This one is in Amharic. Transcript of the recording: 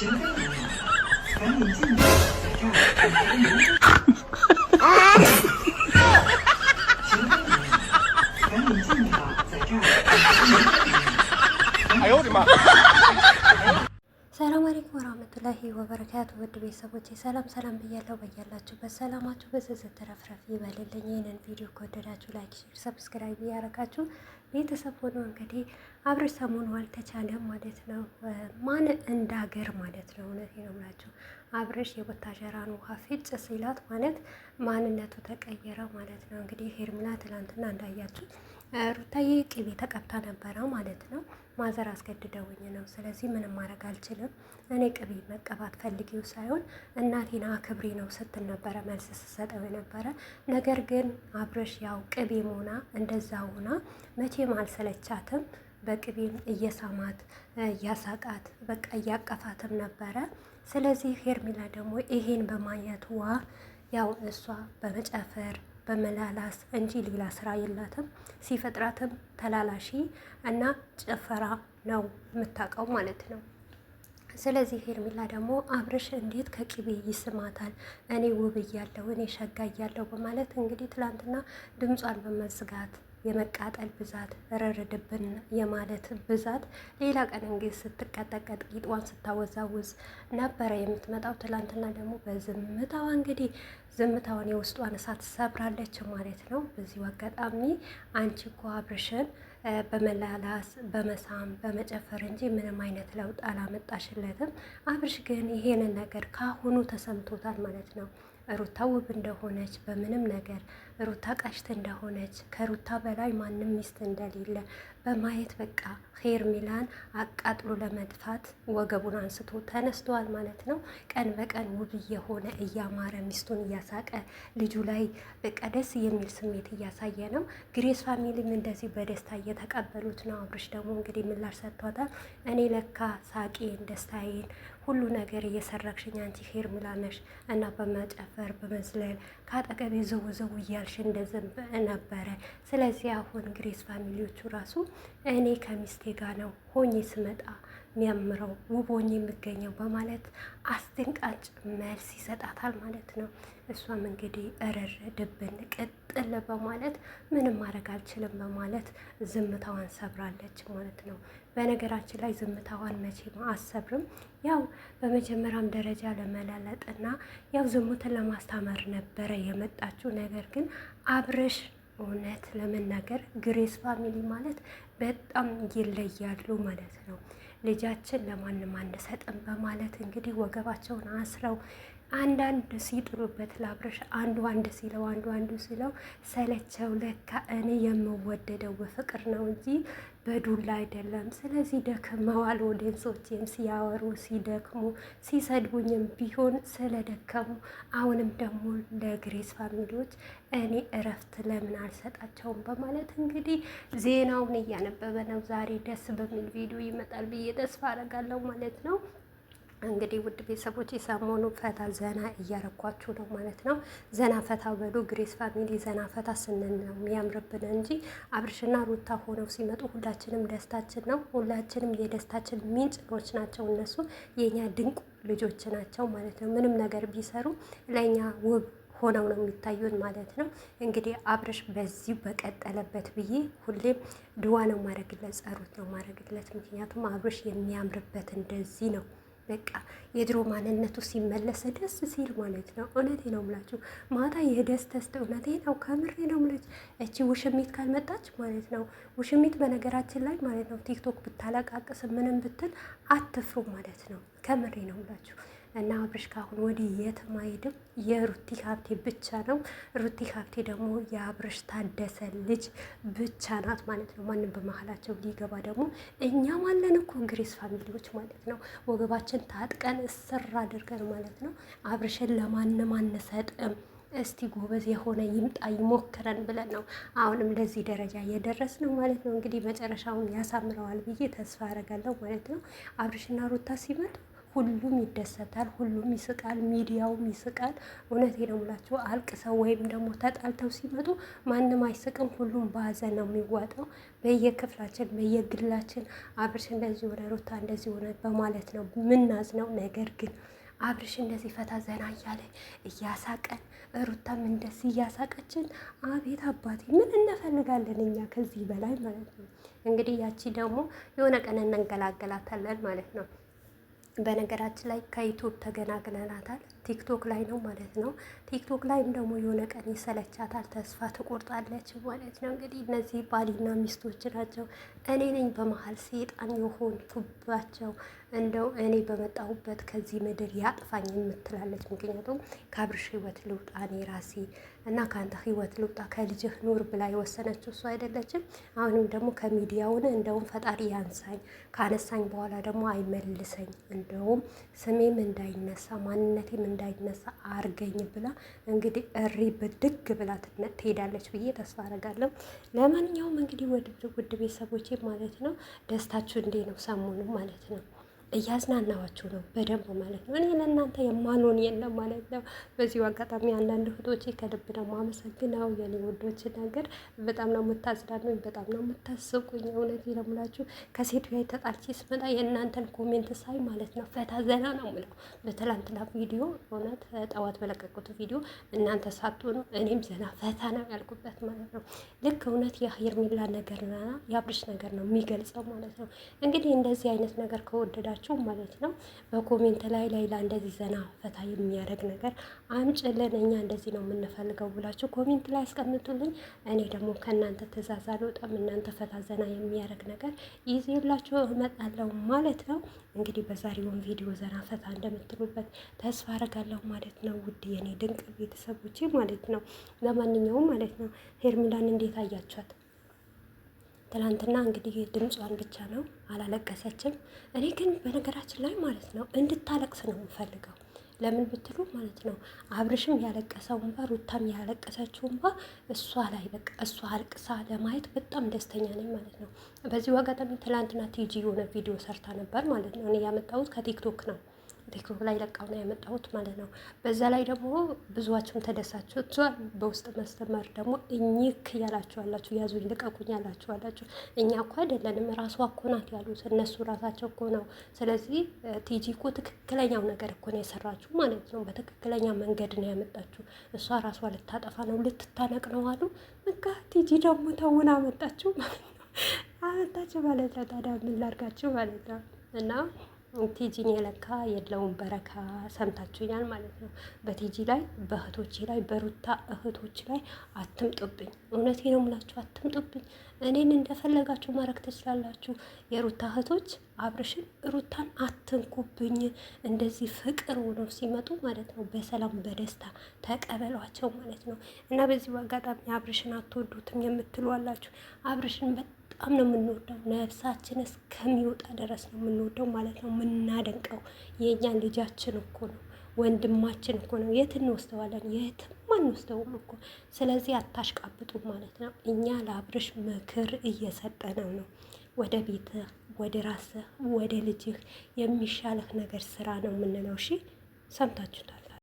请飞离，赶紧进入此站，请飞离。ሰላም አለይኩም ወራህመቱላሂ ወበረካቱ። ውድ ቤተሰቦቼ ሰላም ሰላም ብያለሁ። በያላችሁበት ሰላማችሁ በዝዝት ተረፍረፍ ይበልልኝ። ይህንን ቪዲዮ ከወደዳችሁ ላይክ፣ ሼር፣ ሰብስክራይብ እያረጋችሁ ቤተሰብ ሆኖ እንግዲህ አብረሽ ሰሞኑ አልተቻለም ማለት ነው። ማን እንዳገር ማለት ነው። እውነት ነው የምላችሁ አብረሽ የቦታጀራን ውሃ ፍጭ ሲላት ማለት ማንነቱ ተቀየረ ማለት ነው። እንግዲህ ሄርሜላ ትላንትና እንዳያችሁ ሩታዬ ቅቤ ተቀብታ ነበረ ማለት ነው። ማዘር አስገድደውኝ ነው። ስለዚህ ምንም ማድረግ አልችልም። እኔ ቅቤ መቀባት ፈልጊው ሳይሆን እናቴና ክብሬ ነው ስትል ነበረ መልስ ስሰጠው የነበረ ነገር ግን አብረሽ ያው ቅቤ ሆና እንደዛ ሆና መቼም አልሰለቻትም። በቅቤም እየሳማት እያሳቃት በቃ እያቀፋትም ነበረ። ስለዚህ ሄርሚላ ደግሞ ይሄን ዋ ያው እሷ በመጨፈር በመላላስ እንጂ ሌላ ስራ የላትም። ሲፈጥራትም ተላላሺ እና ጭፈራ ነው የምታውቀው ማለት ነው። ስለዚህ ሄርሜላ ደግሞ አብርሽ እንዴት ከቂቤ ይስማታል፣ እኔ ውብ እያለሁ እኔ ሸጋ እያለሁ በማለት እንግዲህ ትላንትና ድምጿን በመዝጋት የመቃጠል ብዛት ረርድብን የማለት ብዛት። ሌላ ቀን እንግዲህ ስትቀጠቀጥ ቂጧን ስታወዛውዝ ነበረ የምትመጣው። ትላንትና ደግሞ በዝምታዋ እንግዲህ ዝምታውን የውስጧን እሳት ሰብራለች ማለት ነው። በዚሁ አጋጣሚ አንቺ እኮ አብርሽን በመላላስ በመሳም በመጨፈር እንጂ ምንም አይነት ለውጥ አላመጣሽለትም። አብርሽ ግን ይሄንን ነገር ካሁኑ ተሰምቶታል ማለት ነው። ሩታ ውብ እንደሆነች በምንም ነገር ሩታ ቀሽት እንደሆነች ከሩታ በላይ ማንም ሚስት እንደሌለ በማየት በቃ ሄርሜላን አቃጥሎ ለመጥፋት ወገቡን አንስቶ ተነስተዋል ማለት ነው። ቀን በቀን ውብ እየሆነ እያማረ ሚስቱን እያሳቀ ልጁ ላይ በቃ ደስ የሚል ስሜት እያሳየ ነው። ግሬስ ፋሚሊም እንደዚህ በደስታ እየተቀበሉት ነው። አብርሽ ደግሞ እንግዲህ ምላሽ ሰጥቷታል። እኔ ለካ ሳቄን ደስታዬን ሁሉ ነገር እየሰረቅሽኝ አንቺ ሄርሜላ ነሽ እና በመጨፈር በመዝለል ከአጠገቤ ዘው ዘው እያልሽ እንደዘንብ ነበረ። ስለዚህ አሁን ግሬስ ፋሚሊዎቹ ራሱ እኔ ከሚስቴ ጋር ነው ሆኜ ስመጣ የሚያምረው ውቦኝ የሚገኘው በማለት አስደንቃጭ መልስ ይሰጣታል ማለት ነው። እሷም እንግዲህ እርር ድብን ቅጥል በማለት ምንም ማድረግ አልችልም በማለት ዝምታዋን ሰብራለች ማለት ነው። በነገራችን ላይ ዝምታዋን መቼም አሰብርም፣ ያው በመጀመሪያም ደረጃ ለመላለጥና ያው ዝሙትን ለማስታመር ነበረ የመጣችው ነገር ግን አብርሽ እውነት ለመናገር ግሬስ ፋሚሊ ማለት በጣም ይለያሉ ማለት ነው። ልጃችን ለማንም አንሰጥም በማለት እንግዲህ ወገባቸውን አስረው አንዳንድ ሲጥሩበት ላብረሽ አንዱ አንድ ሲለው አንዱ አንዱ ሲለው ሰለቸው። ለካ እኔ የምወደደው በፍቅር ነው እንጂ በዱላ አይደለም። ስለዚህ ደክመዋል። ወደንሶቼም ሲያወሩ ሲደክሙ ሲሰድቡኝም ቢሆን ስለደከሙ አሁንም ደግሞ ለግሬስ ፋሚሊዎች እኔ እረፍት ለምን አልሰጣቸውም በማለት እንግዲህ ዜናውን እያነበበ ነው። ዛሬ ደስ በሚል ቪዲዮ ይመጣል ብዬ ተስፋ አረጋለው ማለት ነው። እንግዲህ ውድ ቤተሰቦች የሰሞኑ ፈታ ዘና እያረኳችሁ ነው ማለት ነው። ዘና ፈታ በሉ ግሬስ ፋሚሊ። ዘና ፈታ ስንል ነው የሚያምርብን እንጂ አብርሽና ሩታ ሆነው ሲመጡ ሁላችንም ደስታችን ነው። ሁላችንም የደስታችን ምንጮች ናቸው። እነሱ የእኛ ድንቁ ልጆች ናቸው ማለት ነው። ምንም ነገር ቢሰሩ ለእኛ ውብ ሆነው ነው የሚታዩን ማለት ነው። እንግዲህ አብርሽ በዚህ በቀጠለበት ብዬ ሁሌም ድዋ ነው ማድረግለት፣ ጸሩት ነው ማድረግለት። ምክንያቱም አብርሽ የሚያምርበት እንደዚህ ነው። በቃ የድሮ ማንነቱ ሲመለስ ደስ ሲል ማለት ነው። እውነቴ ነው ምላችሁ ማታ የደስ ተስተ እውነቴ ነው ከምሬ ነው የምለች እቺ ውሽሚት ካልመጣች ማለት ነው። ውሽሚት በነገራችን ላይ ማለት ነው ቲክቶክ ብታለቃቅስ ምንም ብትል አትፍሩ ማለት ነው። ከምሬ ነው ምላችሁ እና አብርሽ ካሁን ወዲህ የትም አይሄድም። የሩቲ ሀብቴ ብቻ ነው። ሩቲ ሀብቴ ደግሞ የአብርሽ ታደሰ ልጅ ብቻ ናት ማለት ነው። ማንም በመሀላቸው ሊገባ ደግሞ እኛ ማለን እኮ ግሬስ ፋሚሊዎች ማለት ነው። ወገባችን ታጥቀን እስር አድርገን ማለት ነው። አብርሽን ለማንም አንሰጥም። እስቲ ጎበዝ የሆነ ይምጣ ይሞክረን ብለን ነው አሁንም ለዚህ ደረጃ እየደረስ ነው ማለት ነው። እንግዲህ መጨረሻውን ያሳምረዋል ብዬ ተስፋ አደርጋለሁ ማለት ነው። አብርሽና ሩታ ሲመጡ ሁሉም ይደሰታል፣ ሁሉም ይስቃል፣ ሚዲያውም ይስቃል። እውነቴ ነው የምላቸው አልቅሰው ወይም ደግሞ ተጣልተው ሲመጡ ማንም አይስቅም፣ ሁሉም በሀዘን ነው የሚዋጠው። በየክፍላችን በየግላችን አብርሽ እንደዚህ ሆነ፣ ሩታ እንደዚህ ሆነ በማለት ነው ምናዝነው። ነገር ግን አብርሽ እንደዚህ ፈታ ዘና እያለ እያሳቀን፣ ሩታም እንደዚህ እያሳቀችን፣ አቤት አባቴ ምን እንፈልጋለን እኛ ከዚህ በላይ ማለት ነው። እንግዲህ ያቺ ደግሞ የሆነ ቀን እንንገላገላታለን ማለት ነው። በነገራችን ላይ ከዩቱብ ተገናግለናታል። ቲክቶክ ላይ ነው ማለት ነው። ቲክቶክ ላይም ደግሞ የሆነ ቀን ይሰለቻታል፣ ተስፋ ትቆርጣለች ማለት ነው። እንግዲህ እነዚህ ባሊና ሚስቶች ናቸው። እኔ ነኝ በመሀል ሴጣን የሆንኩባቸው እንደው እኔ በመጣሁበት ከዚህ ምድር ያጥፋኝ የምትላለች። ምክንያቱም ከአብርሽ ህይወት ልውጣ እኔ ራሴ እና ከአንተ ህይወት ልውጣ ከልጅህ ኑር ብላ የወሰነችው እሱ አይደለችም። አሁንም ደግሞ ከሚዲያውን እንደውም ፈጣሪ ያንሳኝ፣ ካነሳኝ በኋላ ደግሞ አይመልሰኝ፣ እንደውም ስሜም እንዳይነሳ ማንነቴም እንዳይነሳ አርገኝ ብላ እንግዲህ እሪ ብድግ ብላ ትሄዳለች ብዬ ተስፋ አረጋለሁ። ለማንኛውም እንግዲህ ውድ ቤተሰቦቼ ማለት ነው ደስታችሁ እንዴ ነው ሰሞኑ ማለት ነው እያዝናናዋቸው ነው በደንብ ማለት ነው። እኔ ለእናንተ የማልሆን የለም ማለት ነው። በዚሁ አጋጣሚ አንዳንድ እህቶቼ ከልብ ደግሞ የማመሰግነው። የኔ ወዶች ነገር በጣም ነው የምታዝናኑኝ፣ በጣም ነው የምታስቁኝ። እውነት ለሙላችሁ ከሴቱ ላይ ተጣልቼ ስመጣ የእናንተን ኮሜንት ሳይ ማለት ነው ፈታ ዘና ነው የምለው። በትላንትና ቪዲዮ እውነት ጠዋት በለቀቁት ቪዲዮ እናንተ ነው እኔም ዘና ፈታ ነው ያልኩበት ማለት ነው። ልክ እውነት የሄርሜላ ነገርና የአብርሽ ነገር ነው የሚገልጸው ማለት ነው። እንግዲህ እንደዚህ አይነት ነገር ከወደዳ ካላችሁ ማለት ነው በኮሜንት ላይ ሌላ እንደዚህ ዘና ፈታ የሚያደርግ ነገር አምጭልን፣ እኛ እንደዚህ ነው የምንፈልገው ብላችሁ ኮሜንት ላይ አስቀምጡልኝ። እኔ ደግሞ ከእናንተ ትእዛዝ አልወጣም። እናንተ ፈታ ዘና የሚያደርግ ነገር ይዤላችሁ እመጣለሁ ማለት ነው። እንግዲህ በዛሬውን ቪዲዮ ዘና ፈታ እንደምትሉበት ተስፋ አረጋለሁ ማለት ነው። ውድ የኔ ድንቅ ቤተሰቦቼ ማለት ነው። ለማንኛውም ማለት ነው ሄርሚላን እንዴት አያችኋት? ትላንትና እንግዲህ ድምጿን ብቻ ነው አላለቀሰችም። እኔ ግን በነገራችን ላይ ማለት ነው እንድታለቅስ ነው የምፈልገው። ለምን ብትሉ ማለት ነው አብርሽም ያለቀሰው እንባ ሩታም ያለቀሰችው እንባ እሷ ላይ በቃ እሷ አልቅሳ ለማየት በጣም ደስተኛ ነኝ ማለት ነው። በዚሁ አጋጣሚ ትላንትና ቲጂ የሆነ ቪዲዮ ሰርታ ነበር ማለት ነው። እኔ ያመጣሁት ከቲክቶክ ነው። ዩቲዩብ ላይ ለቃው ነው ያመጣሁት ማለት ነው። በዛ ላይ ደግሞ ብዙዋችሁም ተደሳችኋል። በውስጥ መስመር ደግሞ እኝክ አላችሁ፣ ያዙኝ ልቀቁኝ ያላችሁ አላችሁ። እኛ እኮ አይደለንም ራሷ እኮ ናት ያሉት እነሱ ራሳቸው እኮ ነው። ስለዚህ ቲጂ እኮ ትክክለኛው ነገር እኮ ነው የሰራችሁ ማለት ነው። በትክክለኛ መንገድ ነው ያመጣችሁ። እሷ ራሷ ልታጠፋ ነው ልትታነቅ ነው አሉ። በቃ ቲጂ ደግሞ ተውን አመጣችሁ ማለት ነው አመጣችሁ ማለት ነው። ታዲያ ምን ላድርጋችሁ ማለት ነው እና ቲጂን የለካ የለውን በረካ ሰምታችሁኛል ማለት ነው። በቲጂ ላይ በእህቶቼ ላይ በሩታ እህቶች ላይ አትምጡብኝ። እውነቴ ነው ምላችሁ አትምጡብኝ። እኔን እንደፈለጋችሁ ማድረግ ትችላላችሁ። የሩታ እህቶች አብርሽን ሩታን አትንኩብኝ። እንደዚህ ፍቅር ሆነው ሲመጡ ማለት ነው በሰላም በደስታ ተቀበሏቸው ማለት ነው። እና በዚህ አጋጣሚ አብርሽን አትወዱትም የምትሉ አላችሁ አብርሽን በጣም በጣም ነው የምንወደው። ነፍሳችን እስከሚወጣ ድረስ ነው የምንወደው ማለት ነው። የምናደንቀው የእኛን ልጃችን እኮ ነው ወንድማችን እኮ ነው። የት እንወስደዋለን? የትም አንወስደውም እኮ። ስለዚህ አታሽቃብጡ ማለት ነው። እኛ ለአብርሽ ምክር እየሰጠነው ነው። ወደ ቤትህ፣ ወደ ራስህ፣ ወደ ልጅህ የሚሻልህ ነገር ስራ ነው የምንለው። እሺ ሰምታችሁታል።